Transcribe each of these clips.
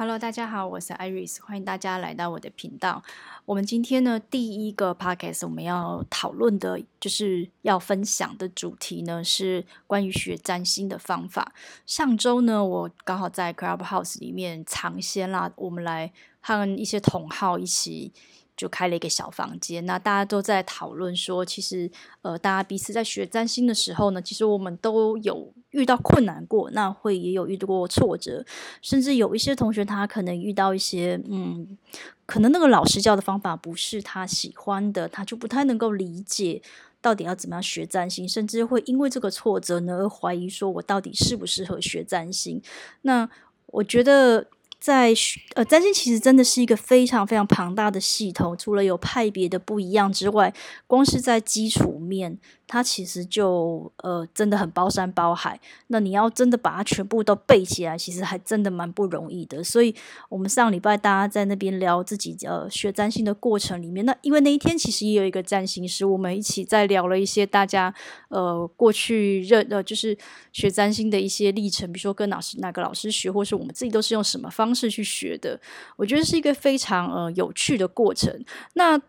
Hello，大家好，我是 Iris，歡迎大家來到我的頻道。我們今天呢，第一個 podcast 我們要討論的，就是要分享的主題呢，是關於學占星的方法。上周呢，我剛好在 Clubhouse 裡面嚐鮮啦，我們來和一些同好一起。就開了一個小房間，那大家都在討論說，其實，呃，大家彼此在學占星的時候呢，其實我們都有遇到困難過，那會也有遇到過挫折，甚至有一些同學他可能遇到一些，嗯，可能那個老師教的方法不是他喜歡的，他就不太能夠理解到底要怎麼樣學占星，甚至會因為這個挫折呢而懷疑說，我到底適不適合學占星？那我覺得。在呃，占星其實真的是一個非常非常龐大的系統。除了有派別的不一樣之外，光是在基礎面，它其實就呃真的很包山包海。那你要真的把它全部都背起來，其實還真的蠻不容易的。所以，我們上禮拜大家在那邊聊自己呃學占星的過程裡面，那因為那一天其實也有一個占星師，我們一起在聊了一些大家呃過去認呃就是學占星的一些歷程，比如說跟老師哪個老師學，或是我們自己都是用什麼方。方式去學的，我覺得是一個非常呃有趣的過程。那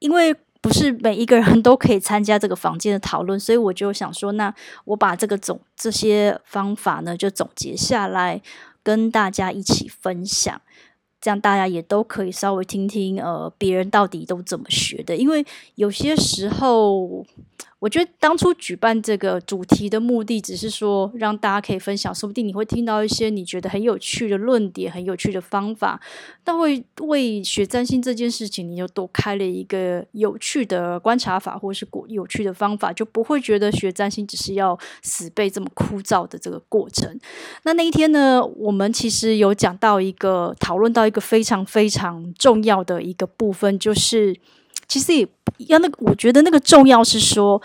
因為不是每一個人都可以參加這個房間的討論，所以我就想說，那我把這個總這些方法呢，就總結下來跟大家一起分享，這樣大家也都可以稍微聽聽呃別人到底都怎麼學的，因為有些時候。我覺得當初舉辦這個主題的目的，只是說讓大家可以分享，說不定你會聽到一些你覺得很有趣的論點、很有趣的方法。但會為，為學占星這件事情，你就多開了一個有趣的觀察法，或是有趣的方法，就不會覺得學占星只是要死背這麼枯燥的這個過程。那那一天呢，我們其實有講到一個討論到一個非常非常重要的一個部分，就是。其實也要那個，我覺得那個重要是說，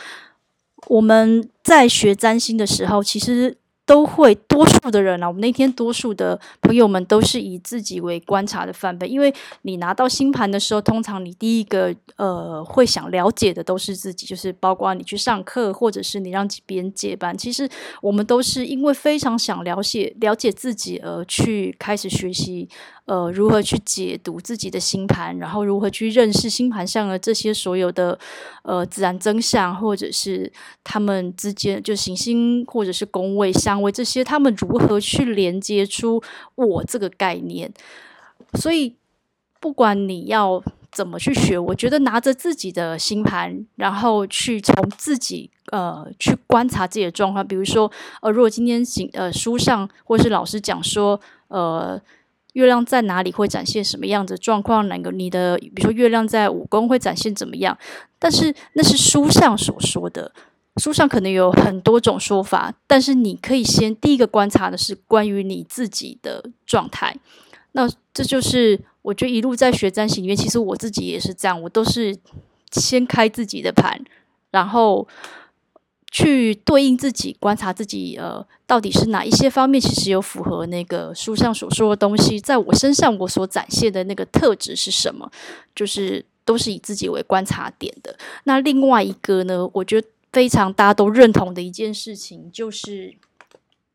我們在學占星的時候，其實。都會多數的人啊，我們那天多數的朋友們都是以自己為觀察的範本，因為你拿到星盤的時候，通常你第一個呃會想了解的都是自己，就是包括你去上課，或者是你讓別人解盤，其實我們都是因為非常想了解了解自己而去開始學習，呃，如何去解讀自己的星盤，然後如何去認識星盤上的這些所有的呃自然真相，或者是他們之間就行星或者是宮位相。像為這些，他們如何去連接出我這個概念？所以，不管你要怎麼去學，我覺得拿着自己的星盤，然後去從自己呃去觀察自己的狀況。比如說，呃，如果今天星呃書上或是老師講說，呃，月亮在哪裡會展現什麼樣的狀況？那個你的比如說月亮在五宮會展現怎麼樣？但是那是書上所說的。書上可能有很多種說法，但是你可以先第一個觀察的是關於你自己的狀態。那這就是我覺得一路在學占星裡面，其實我自己也是這樣，我都是先開自己的盤，然後去對應自己觀察自己，呃，到底是哪一些方面其實有符合那個書上所說的東西，在我身上我所展現的那個特質是什麼，就是都是以自己為觀察點的。那另外一個呢，我覺得。非常大家都認同的一件事情，就是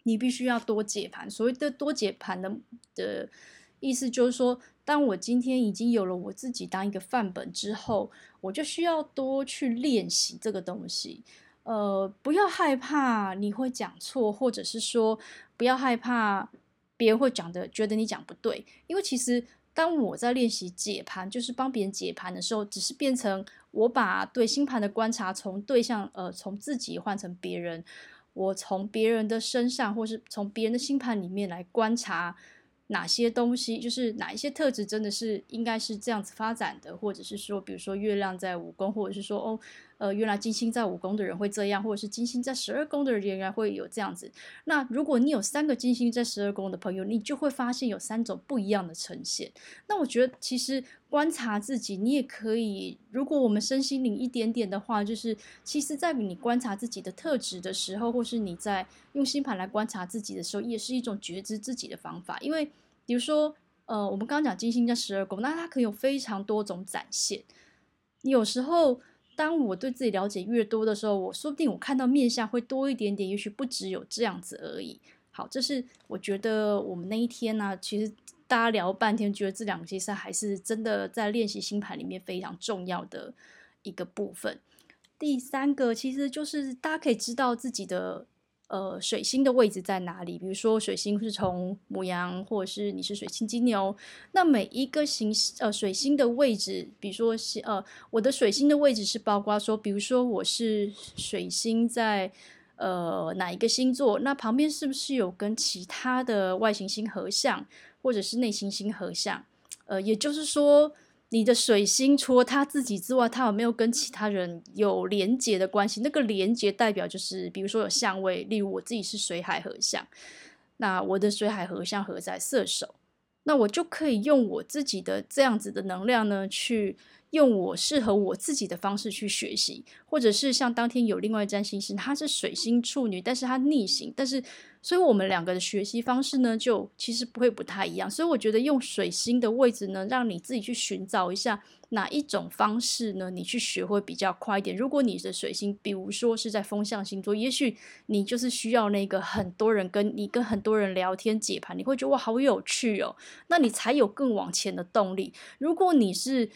你必須要多解盤。所謂的多解盤的的意思，就是說，當我今天已經有了我自己當一個範本之後，我就需要多去練習這個東西。呃，不要害怕你會講錯，或者是說，不要害怕別人會講的覺得你講不對，因為其實。當我在練習解盤，就是幫別人解盤的時候，只是變成我把對星盤的觀察從對象，呃，從自己換成別人。我從別人的身上，或是從別人的星盤裡面來觀察哪些東西，就是哪一些特質真的是應該是這樣子發展的，或者是說，比如說月亮在五宮，或者是說，哦。呃，原來金星在五宮的人會這樣，或者是金星在十二宮的人，原來會有這樣子。那如果你有三個金星在十二宮的朋友，你就會發現有三種不一樣的呈現。那我覺得，其實觀察自己，你也可以，如果我們身心靈一點點的話，就是其實，在你觀察自己的特質的時候，或是你在用星盤來觀察自己的時候，也是一種覺知自己的方法。因為，比如說，呃，我們剛講金星在十二宮，那它可以有非常多種展現。有時候。當我對自己了解越多的時候，我說不定我看到面相會多一點點，也許不只有這樣子而已。好，這是我覺得我們那一天呢、啊，其實大家聊半天，覺得這兩個其實還是真的在練習星盤裡面非常重要的一個部分。第三個，其實就是大家可以知道自己的。呃，水星的位置在哪裡？比如說，水星是從牡羊，或者是你是水星金牛。那每一個行，呃，水星的位置，比如說，是呃，我的水星的位置是包括說，比如說我是水星在呃哪一個星座？那旁邊是不是有跟其他的外行星合相，或者是內行星合相？呃，也就是說。你的水星除了他自己之外，他有沒有跟其他人有連結的關係？那個連結代表就是，比如說有相位，例如我自己是水海合相，那我的水海合相合在射手，那我就可以用我自己的這樣子的能量呢去。用我適合我自己的方式去學習，或者是像當天有另外一占星師，他是水星處女，但是他逆行，但是，所以我們兩個的學習方式呢，就其實不會不太一樣。所以我覺得用水星的位置呢，讓你自己去尋找一下哪一種方式呢，你去學會比較快一點。如果你是水星，比如說是在風象星座，也許你就是需要那個很多人跟你跟很多人聊天解盤，你會覺得哇好有趣哦，那你才有更往前的動力。如果你是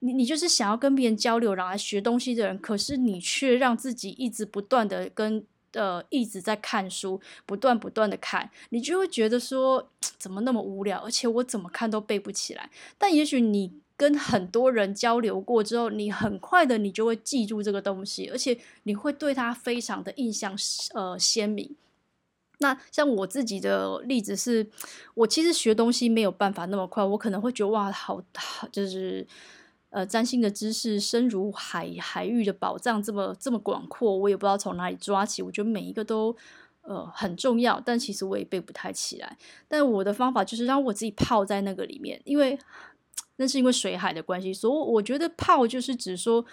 你你就是想要跟別人交流，然後來學東西的人，可是你卻讓自己一直不斷的跟呃一直在看書，不斷不斷的看，你就會覺得說怎麼那麼無聊，而且我怎麼看都背不起來。但也許你跟很多人交流過之後，你很快的你就會記住這個東西，而且你會對它非常的印象呃鮮明。那像我自己的例子是，我其實學東西沒有辦法那麼快，我可能會覺得哇，好，好就是。呃，占星的知識深如海，海域的寶藏這麼這麼廣闊，我也不知道從哪裡抓起。我覺得每一個都，呃，很重要，但其實我也背不太起來。但我的方法就是讓我自己泡在那個裡面，因為那是因為水海的關係，所以我覺得泡就是指說，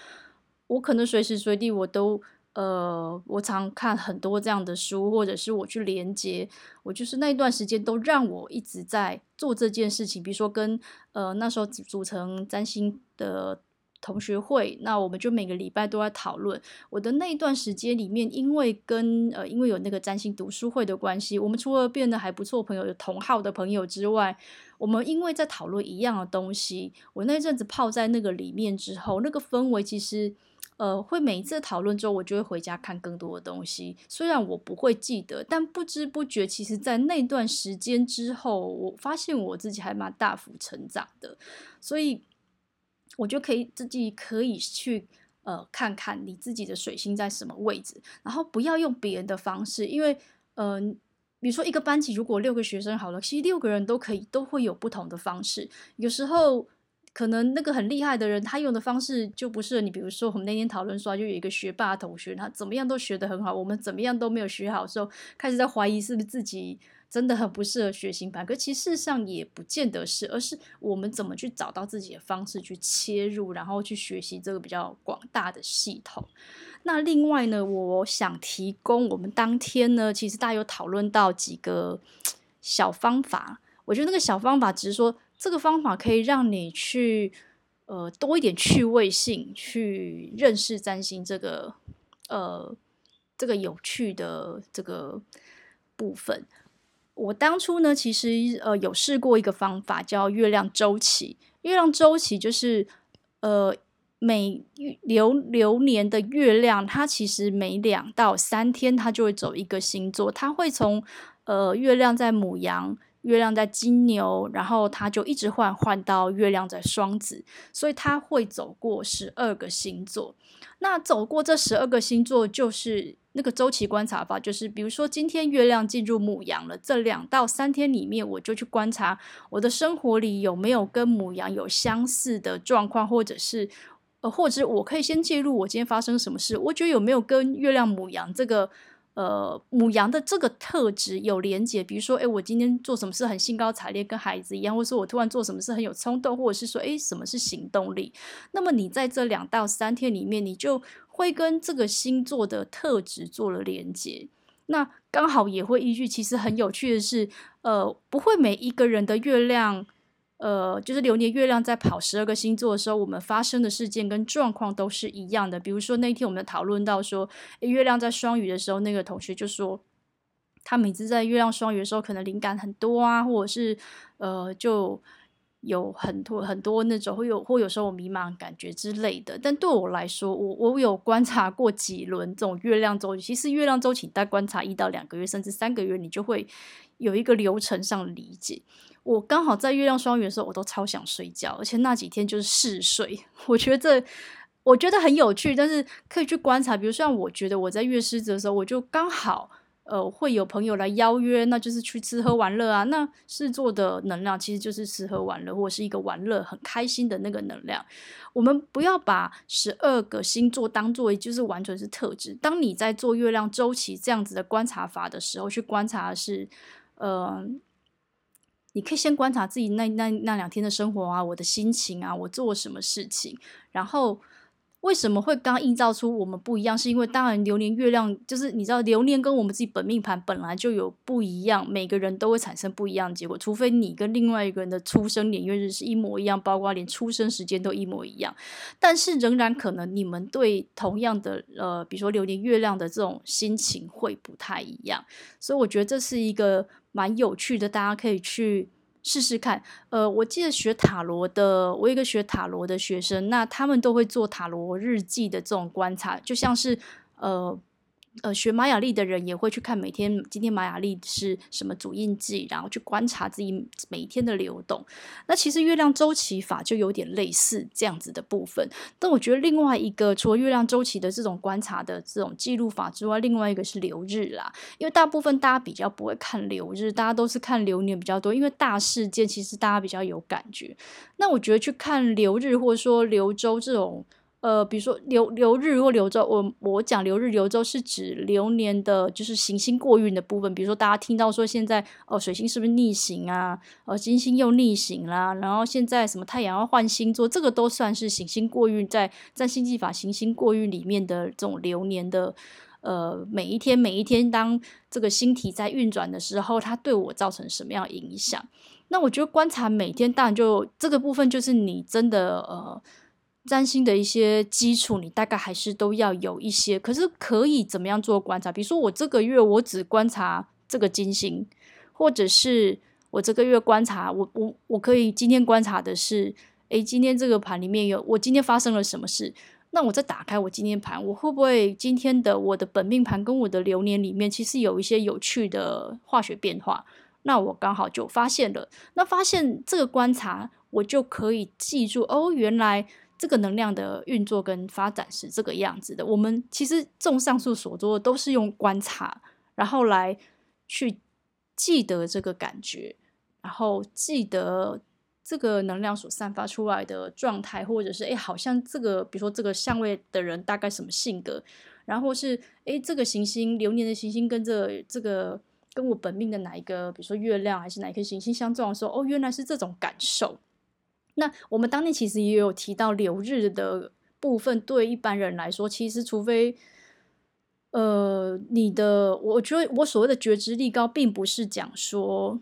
我可能隨時隨地我都，呃，我常看很多這樣的書，或者是我去連接，我就是那一段時間都讓我一直在做這件事情。比如說跟，呃，那時候組成占星。的同學會，那我們就每個禮拜都在討論。我的那一段時間裡面，因為跟呃，因為有那個占星讀書會的關係，我們除了變得還不錯朋友、有同好的朋友之外，我們因為在討論一樣的東西。我那陣子泡在那個裡面之後，那個氛圍其實，呃，會每一次討論之後，我就會回家看更多的東西。雖然我不會記得，但不知不覺，其實在那段時間之後，我發現我自己還蠻大幅成長的，所以。我就可以自己可以去呃看看你自己的水星在什麼位置，然後不要用別人的方式，因為嗯、呃，比如說一個班級如果六個學生好了，其實六個人都可以都會有不同的方式。有時候可能那個很厲害的人他用的方式就不適合你，比如說我們那天討論說，就有一個學霸同學，他怎麼樣都學得很好，我們怎麼樣都沒有學好時候，所以開始在懷疑是不是自己。真的很不適合學星盤，可其實，事實上也不見得是，而是我們怎麼去找到自己的方式去切入，然後去學習這個比較廣大的系統。那另外呢，我想提供我們當天呢，其實大家有討論到幾個小方法，我覺得那個小方法只是說這個方法可以讓你去呃多一點趣味性，去認識占星這個呃這個有趣的這個部分。我當初呢，其實呃有試過一個方法，叫月亮週期。月亮週期就是，呃，每流流年的月亮，它其實每兩到三天它就會走一個星座，它會從呃月亮在牡羊，月亮在金牛，然後它就一直換換到月亮在雙子，所以它會走過十二個星座。那走過這十二個星座，就是。那個周期觀察法就是，比如說今天月亮進入牡羊了，這兩到三天裡面，我就去觀察我的生活裡有沒有跟牡羊有相似的狀況，或者是，呃，或者我可以先記錄我今天發生什麼事，我覺得有沒有跟月亮牡羊這個，呃，牡羊的這個特質有連接？比如說，哎，我今天做什麼事很興高采烈，跟孩子一樣，或是我突然做什麼事很有衝動，或者是說，哎，什麼是行動力？那麼你在這兩到三天裡面，你就。會跟這個星座的特質做了連接，那剛好也會依據。其實很有趣的是，呃，不會每一個人的月亮，呃，就是流年月亮在跑十二個星座的時候，我們發生的事件跟狀況都是一樣的。比如說那天我們討論到說，月亮在雙魚的時候，那個同學就說，他每次在月亮雙魚的時候，可能靈感很多啊，或者是呃就。有很多很多那種會有或有時候迷茫感覺之類的，但對我來說，我我有觀察過幾輪這種月亮週期，其實月亮週期，你再觀察一到兩個月甚至三個月，你就會有一個流程上理解。我剛好在月亮雙魚的時候，我都超想睡覺，而且那幾天就是嗜睡。我覺得這我覺得很有趣，但是可以去觀察。比如像我覺得我在月獅子的時候，我就剛好。呃，會有朋友來邀約，那就是去吃喝玩樂啊。那是做的能量其實就是吃喝玩樂，或者是一個玩樂很開心的那個能量。我們不要把十二個星座當做就是完全是特質。當你在做月亮周期這樣子的觀察法的時候，去觀察的是，呃，你可以先觀察自己那那那兩天的生活啊，我的心情啊，我做什麼事情，然後。為什麼會剛剛映照出我們不一樣？是因為當然，流年月亮就是你知道，流年跟我們自己本命盤本來就有不一樣，每個人都會產生不一樣的結果，除非你跟另外一個人的出生年月日是一模一樣，包括連出生時間都一模一樣，但是仍然可能你們對同樣的呃，比如說流年月亮的這種心情會不太一樣，所以我覺得這是一個蠻有趣的，大家可以去。試試看，呃，我記得學塔羅的，我有一個學塔羅的學生，那他們都會做塔羅日記的這種觀察，就像是，呃。呃，學瑪雅曆的人也會去看每天今天瑪雅曆是什麼主印記，然後去觀察自己每天的流動。那其實月亮周期法就有點類似這樣子的部分。但我覺得另外一個，除了月亮周期的這種觀察的這種記錄法之外，另外一個是流日啦，因為大部分大家比較不會看流日，大家都是看流年比較多，因為大事件其實大家比較有感覺。那我覺得去看流日，或者說流周這種。呃，比如說流流日或流週，我我講流日流周是指流年的，就是行星過運的部分。比如說，大家聽到說現在哦，水星是不是逆行啊？呃，金星，星又逆行啦，啊，然後現在什麼太陽要換星座，這個都算是行星過運，在在占星技法行星過運裡面的這種流年的呃每一天每一天，一天當這個星體在運轉的時候，它對我造成什麼樣影響？那我覺得觀察每天，當然就這個部分就是你真的呃。占星的一些基礎，你大概還是都要有一些。可是可以怎麼樣做觀察？比如說，我這個月我只觀察這個金星，或者是我這個月觀察，我，我，我可以今天觀察的是，哎，今天這個盤裡面有，我今天發生了什麼事？那我再打開我今天盤，我會不會今天的我的本命盤跟我的流年裡面其實有一些有趣的化學變化？那我剛好就發現了，那發現這個觀察，我就可以記住哦，原來。這個能量的運作跟發展是這個樣子的。我們其實綜上述所做的都是用觀察，然後來去記得這個感覺，然後記得這個能量所散發出來的狀態，或者是哎，好像這個，比如說這個相位的人大概什麼性格，然後是哎，這個行星、流年的行星跟着這個、這個、跟我本命的哪一個，比如說月亮還是哪一顆行星相撞的時候，哦，原來是這種感受。那我們當年其實也有提到流日的部分，對一般人來說，其實除非，呃，你的我覺得我所謂的覺知力高，並不是講說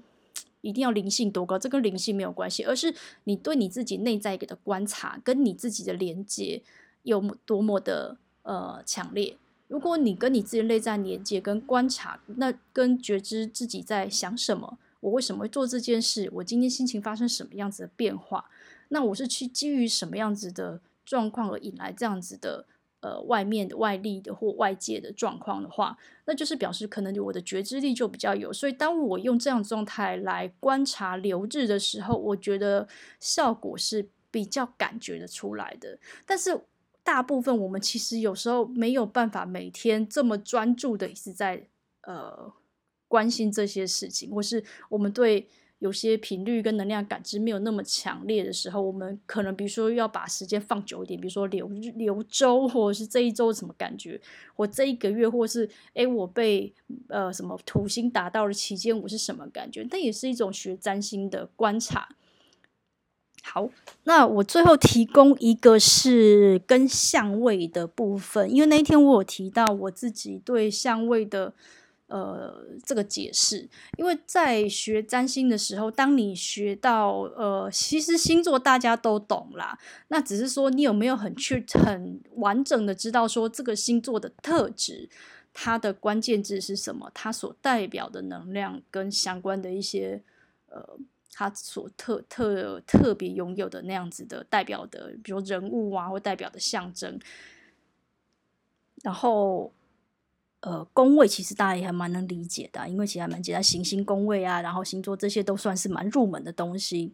一定要靈性多高，這跟靈性沒有關係，而是你對你自己內在給的觀察，跟你自己的連接有多麼的呃強烈。如果你跟你自己內在連接跟觀察，那跟覺知自己在想什麼，我為什麼會做這件事，我今天心情發生什麼樣子的變化。那我是去基於什麼樣子的狀況而引來這樣子的呃外面的外力的或外界的狀況的話，那就是表示可能我的覺知力就比較有，所以當我用這樣狀態來觀察流日的時候，我覺得效果是比較感覺得出來的。但是大部分我們其實有時候沒有辦法每天這麼專注的一直在呃關心這些事情，或是我們對。有些頻率跟能量感知沒有那麼強烈的時候，我們可能比如說要把時間放久一點，比如說流流週，或者是這一周什麼感覺，我這一個月，或是誒，我被呃什麼土星打到了期間，我是什麼感覺？那也是一種學占星的觀察。好，那我最後提供一個是跟相位的部分，因為那一天我有提到我自己對相位的。呃，這個解釋，因為在學占星的時候，當你學到呃，其實星座大家都懂啦，那只是說你有沒有很去很完整的知道說這個星座的特質，它的關鍵字是什麼，它所代表的能量跟相關的一些呃，它所特特特別擁有的那樣子的代表的，比如人物啊，或代表的象徵，然後。呃，宮位其實大家也還蠻能理解的啊，因為其實還蠻簡單，行星宮位啊，然後星座這些都算是蠻入門的東西。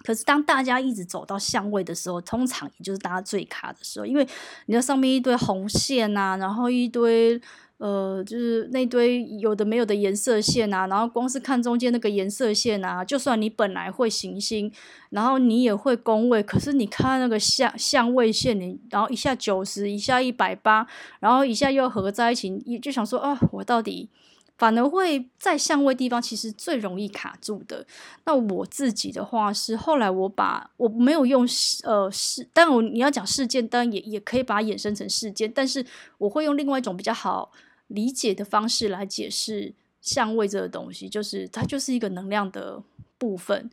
可是當大家一直走到相位的時候，通常也就是大家最卡的時候，因為你要上面一堆紅線啊，然後一堆。呃，就是那堆有的沒有的顏色線啊，然後光是看中間那個顏色線啊，就算你本來會行星，然後你也會宮位，可是你看那個相相位線，你然後一下九十，一下一百八，然後一下又合在一起，你就想說啊，我到底，反而會在相位地方其實最容易卡住的。那我自己的話是後來我把我沒有用呃是，但我你要講事件，當然也也可以把它衍生成事件，但是我會用另外一種比較好，理解的方式來解釋相位這個東西，就是它就是一個能量的部分。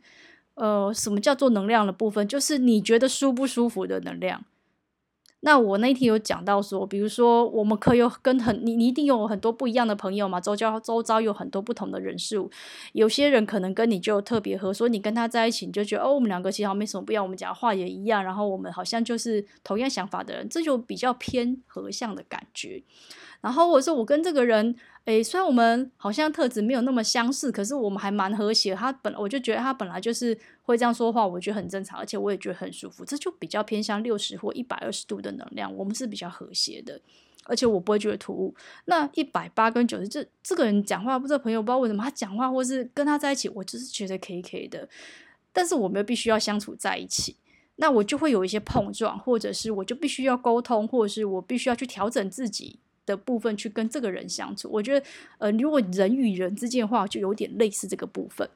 呃，什麼叫做能量的部分？就是你覺得舒不舒服的能量。那我那天有講到說，比如說我們可以有跟很你，你一定有很多不一樣的朋友嘛，周遭周遭有很多不同的人數。有些人可能跟你就特別合，所以你跟他在一起，你就覺得哦，我們兩個其實好像沒什麼不一樣，我們講話也一樣，然後我們好像就是同樣想法的人，這就比較偏合相的感覺。然後我說，我跟這個人，哎，雖然我們好像特質沒有那麼相似，可是我們還蠻和諧。他本來我就覺得他本來就是會這樣說話，我覺得很正常，而且我也覺得很舒服。這就比較偏向六十或一百二十度的能量，我們是比較和諧的，而且我不會覺得突兀。那一百八跟九十，這這個人講話，不知道朋友不知道為什麼他講話，或是跟他在一起，我就是覺得卡卡的。但是我們必須要相處在一起，那我就會有一些碰撞，或者是我就必須要溝通，或者是我必須要去調整自己的部分去跟這個人相處，我覺得，呃，如果人與人之間的話，就有點類似這個部分。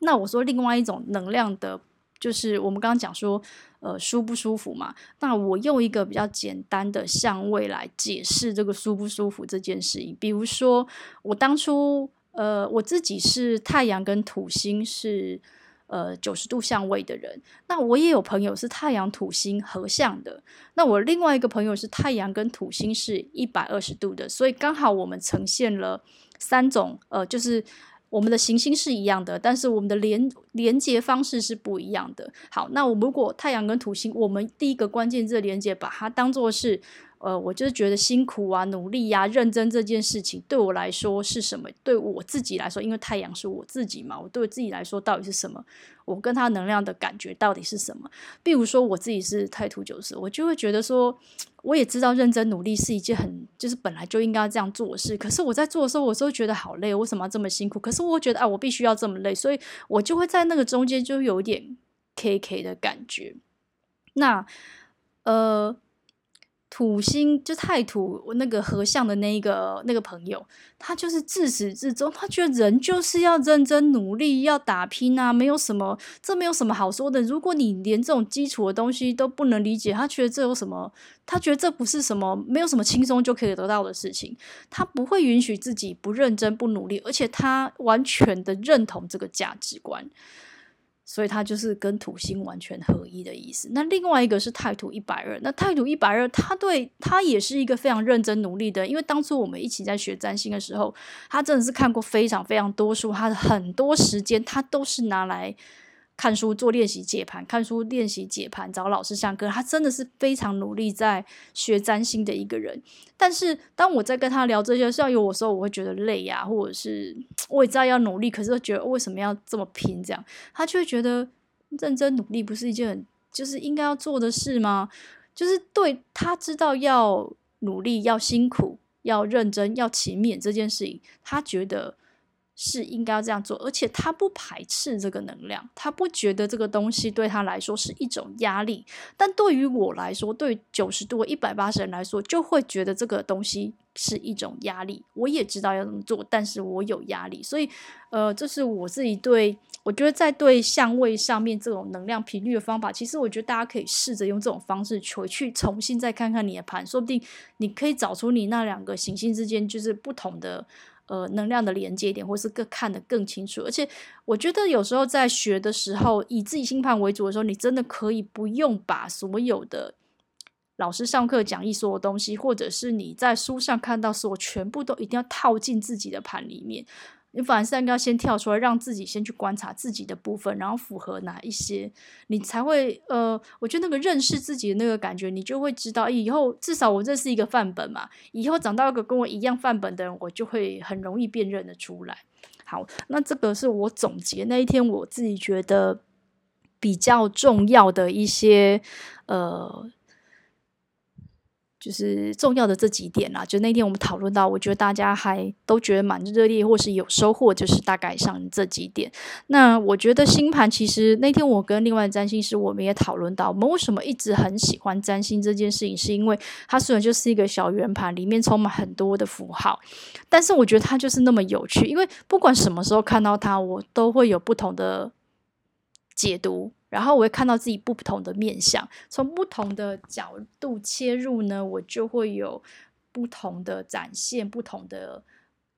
那我說另外一種能量的，就是我們剛剛講說，呃，舒不舒服嘛？那我用一個比較簡單的相位來解釋這個舒不舒服這件事情。比如說，我當初，呃，我自己是太陽跟土星是。呃，九十度相位的人，那我也有朋友是太陽土星合相的，那我另外一個朋友是太陽跟土星是一百二十度的，所以剛好我們呈現了三種，呃，就是我們的行星是一樣的，但是我們的連連接方式是不一樣的。好，那我如果太陽跟土星，我們第一個關鍵字連接，把它當做是。呃，我就是覺得辛苦啊，努力呀、啊，認真這件事情對我來說是什麼？對我自己來說，因為太陽是我自己嘛，我對我自己來說到底是什麼？我跟他能量的感覺到底是什麼？比如說我自己是太土九十，我就會覺得說，我也知道認真努力是一件很就是本來就應該這樣做的事，可是我在做的時候，我就會覺得好累，為什麼要這麼辛苦？可是我覺得啊，我必須要這麼累，所以我就會在那個中間就有點 K K 的感覺。那呃。土星就太土，那個合相的那一個那個朋友，他就是自始至終，他覺得人就是要認真努力，要打拼啊，沒有什麼，這沒有什麼好說的。如果你連這種基礎的東西都不能理解，他覺得這有什麼？他覺得這不是什麼，沒有什麼輕鬆就可以得到的事情。他不會允許自己不認真、不努力，而且他完全的認同這個價值觀。所以他就是跟土星完全合一的意思。那另外一個是太土一百二，那太土一百二，他對他也是一個非常認真努力的。因為當初我們一起在學占星的時候，他真的是看過非常非常多書，他的很多時間他都是拿來。看書做練習解盤，看書練習解盤，找老師上課，他真的是非常努力在學占星的一個人。但是當我在跟他聊這些事有的時候，我會覺得累呀、啊，或者是我也知道要努力，可是我覺得為什麼要這麼拼？這樣他就會覺得認真努力不是一件很就是應該要做的事嗎？就是對他知道要努力、要辛苦、要認真、要勤勉這件事情，他覺得。是應該要這樣做，而且他不排斥這個能量，他不覺得這個東西對他來說是一種壓力。但對於我來說，對九十度、一百八十人來說，就會覺得這個東西是一種壓力。我也知道要這麼做，但是我有壓力，所以，呃，這、就是我自己對，我覺得在對相位上面這種能量頻率的方法，其實我覺得大家可以試着用這種方式去去重新再看看你的盤，說不定你可以找出你那兩個行星之間就是不同的。呃，能量的連接點，或是更看得更清楚。而且，我覺得有時候在學的時候，以自己星盤為主的時候，你真的可以不用把所有的老師上課講義、所有的東西，或者是你在書上看到所有全部都一定要套進自己的盤裡面。你反而是要先跳出來，讓自己先去觀察自己的部分，然後符合哪一些，你才會呃，我覺得那個認識自己的那個感覺，你就會知道以後至少我認識一個範本嘛，以後長到一個跟我一樣範本的人，我就會很容易辨認的出來。好，那這個是我總結那一天我自己覺得比較重要的一些呃。就是重要的這幾點啦，就那天我們討論到，我覺得大家還都覺得蠻熱烈，或是有收穫，就是大概上這幾點。那我覺得星盤其實那天我跟另外的占星師，我們也討論到，我們為什麼一直很喜歡占星這件事情，是因為它雖然就是一個小圓盤，裡面充滿很多的符號，但是我覺得它就是那麼有趣，因為不管什麼時候看到它，我都會有不同的解讀。然後我會看到自己不同的面向，從不同的角度切入呢，我就會有不同的展現，不同的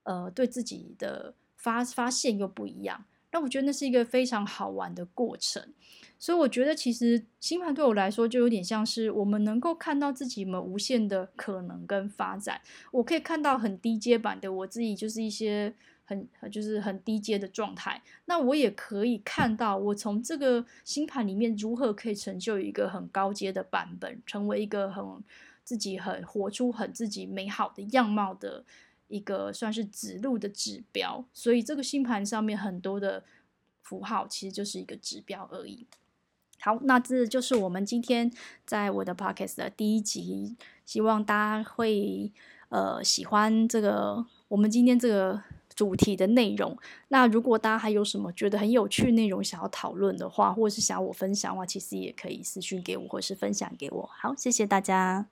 呃對自己的發發現又不一樣。那我覺得那是一個非常好玩的過程，所以我覺得其實星盤對我來說就有點像是我們能夠看到自己們無限的可能跟發展。我可以看到很低階版的我自己，就是一些。很就是很低階的狀態，那我也可以看到，我從這個星盤裡面如何可以成就一個很高階的版本，成為一個很自己很活出很自己美好的樣貌的一個算是指路的指標。所以這個星盤上面很多的符號其實就是一個指標而已。好，那這就是我們今天在我的 Podcast 的第一集，希望大家會呃喜歡這個我們今天這個。主題的內容。那如果大家還有什麼覺得很有趣的內容想要討論的話，或者是想我分享的話，其實也可以私訊給我，或是分享給我。好，謝謝大家。